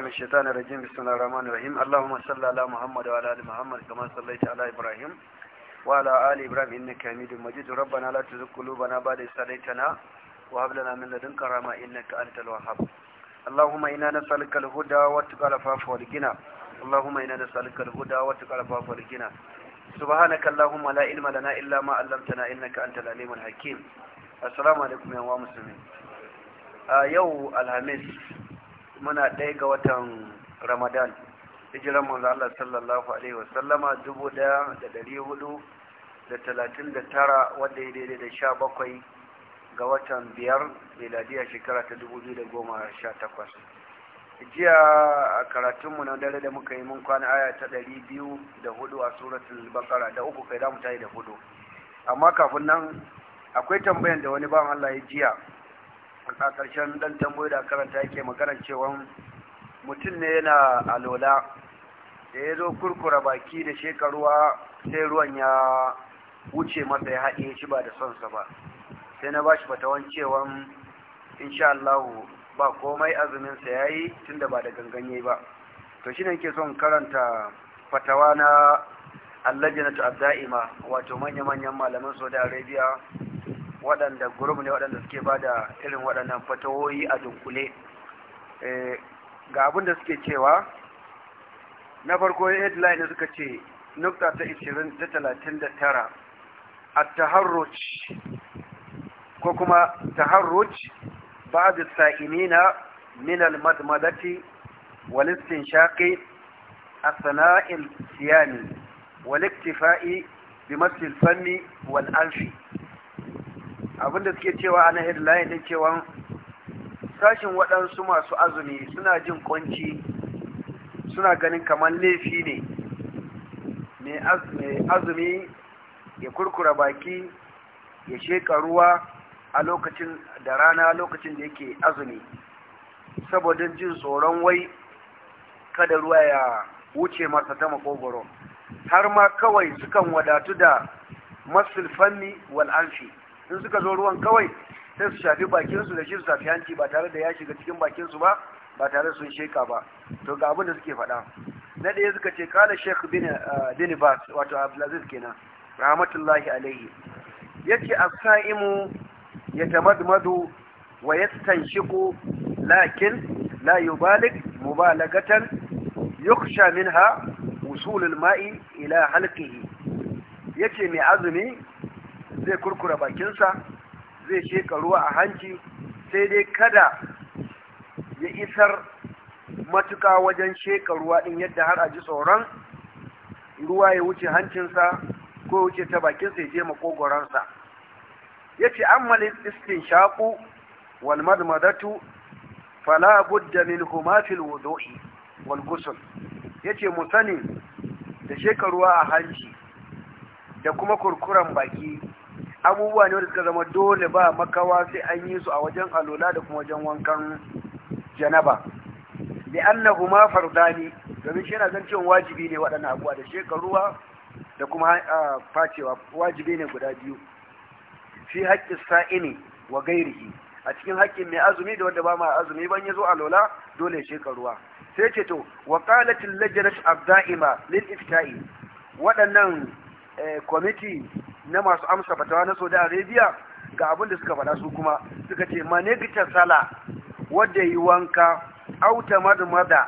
من الشيطان الرجيم بسم الله الرحمن الرحيم اللهم صل على محمد وعلى ال محمد كما صليت على ابراهيم وعلى ال ابراهيم انك حميد مجيد ربنا لا تزغ قلوبنا بعد إذ هديتنا وهب لنا من لدنك رحمة إنك أنت الوهاب اللهم إنا نسألك الهدى والتقى العفاف والغنى اللهم إنا نسألك الهدى والتقى العفاف والغنى سبحانك اللهم لا علم لنا إلا ما علمتنا إنك أنت العليم الحكيم السلام عليكم يا مسلمين آه يو الهمس muna ɗaya ga watan ramadan hijiran manzo Allah sallallahu alaihi wa Sallama dubu ɗaya da ɗari hudu da talatin da tara wanda ya daidai da sha bakwai ga watan biyar miladiya shekara ta dubu biyu da goma sha takwas jiya a karatunmu na dare da muka yi mun kwana aya ta ɗari biyu da hudu a suratul bakara da uku kai damu ta yi da hudu amma kafin nan akwai tambayan da wani ba, Allah ya jiya a ƙarshen ɗan tambayi da karanta yake magana cewa mutum ne yana alola da ya zo kurkura baki da shekaruwa sai ruwan ya wuce masa ya haɗe shi ba da sonsa ba sai na ba shi fatawan cewa insha Allah ba komai azuminsa ya yi tunda ba da ganganye ba to shi ne son karanta fatawa na allajinatu da'ima wato manya-manyan malaman saudi arabia waɗanda gurum ne waɗanda suke ba da irin waɗannan fatawoyi a dunkule eh, ga abin da suke cewa na farko headline suka ce nukta ta 20 ta 39 a taharruj ko kuma taharruj بعض السائمين من المدمدة والاستنشاق أثناء الصيام والاكتفاء بمس الفم والأنف abinda suke cewa a na headline din cewa sashin waɗansu masu azumi suna jin kwanci suna ganin kamar laifi ne mai azumi ya kurkura baki ya sheka ruwa a lokacin da rana lokacin da yake azumi saboda jin tsoron wai kada ruwa ya wuce masa ta makogoro har ma kawai sukan wadatu da masulfanni wal'amfi. in suka zo ruwan kawai sai su shafi bakinsu da shi su shafi hanci ba tare da ya shiga cikin bakinsu ba ba tare sun sheka ba to ga abin da suke faɗa na ɗaya suka ce kala sheikh bin dinibas ah, wato abdulaziz kenan rahmatullahi alaihi yace as-sa'imu tamadmadu wa yastanshiqu lakin la yubalig mubalagatan yukhsha minha wusul al-ma'i ila halqihi yace mai azumi zai kurkura bakinsa zai sheka ruwa a hanci sai dai kada ya isar matuka wajen sheka ruwa ɗin yadda har a ji tsoron ruwa ya wuce hancinsa ko ya wuce ta bakinsa ya je makogoransa ya ce ammalin iskin shaƙu walmadmadatu fala budda min humafil wudu'i wal ghusl yace mu sani da shekaruwa a hanci da kuma kurkuran baki abubuwa ne wanda suka zama dole ba makawa sai an yi su a wajen alola da kuma wajen wankan janaba da annahu ma fardani domin shi yana zan cewa wajibi ne waɗannan abuwa da shekaruwa da kuma facewa wajibi ne guda biyu fi haƙƙin sa'ini wa gairihi a cikin haƙƙin mai azumi da wanda ba ma azumi ban ya zo alola dole shekaruwa sai ce to wa qalatil lajnat abda'ima lil ifta'i waɗannan eh, kwamiti na masu amsa fatawa na saudi arabia ga abin da suka faɗa su kuma suka ce manegita sala wadda yi wanka auta madmada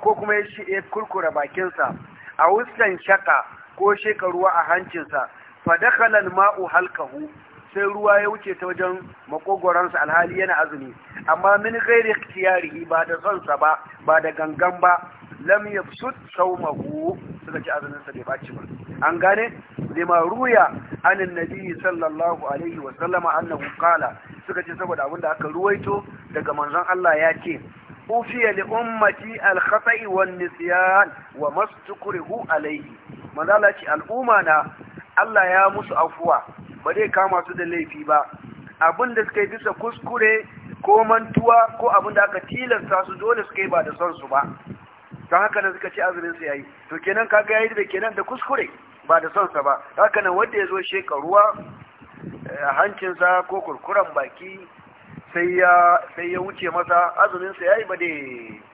ko kuma ya shi kurkura bakinsa a wustan shaka ko shekaruwa a hancinsa fadakalan ma'u halkahu sai ruwa ya wuce ta wajen makogoransa alhali yana azumi amma min gairi kiyari ba da sonsa ba ba da gangan ba lam yafsud sawmahu suka ci azumin sa bai baci ba an gane lima ruya anin nabi sallallahu alaihi wa sallama annahu qala suka ce saboda abinda aka ruwaito daga manzon Allah ya ce ufiya li ummati al khata'i wan nisyan wa mastukrihu alaihi manzo Allah ce al'umma na Allah ya musu afuwa ba zai kama su da laifi ba abinda suka yi bisa kuskure ko mantuwa ko abinda aka tilasta su dole suka yi ba da son su ba don haka ne suka ce azumin su yayi to kenan kaga yayi da kenan da kuskure ba da sonsa ba haka nan wanda ya zo sheka ruwa eh, hancinsa ko kurkuran baki sai ya wuce masa azuminsa ya yi ba dai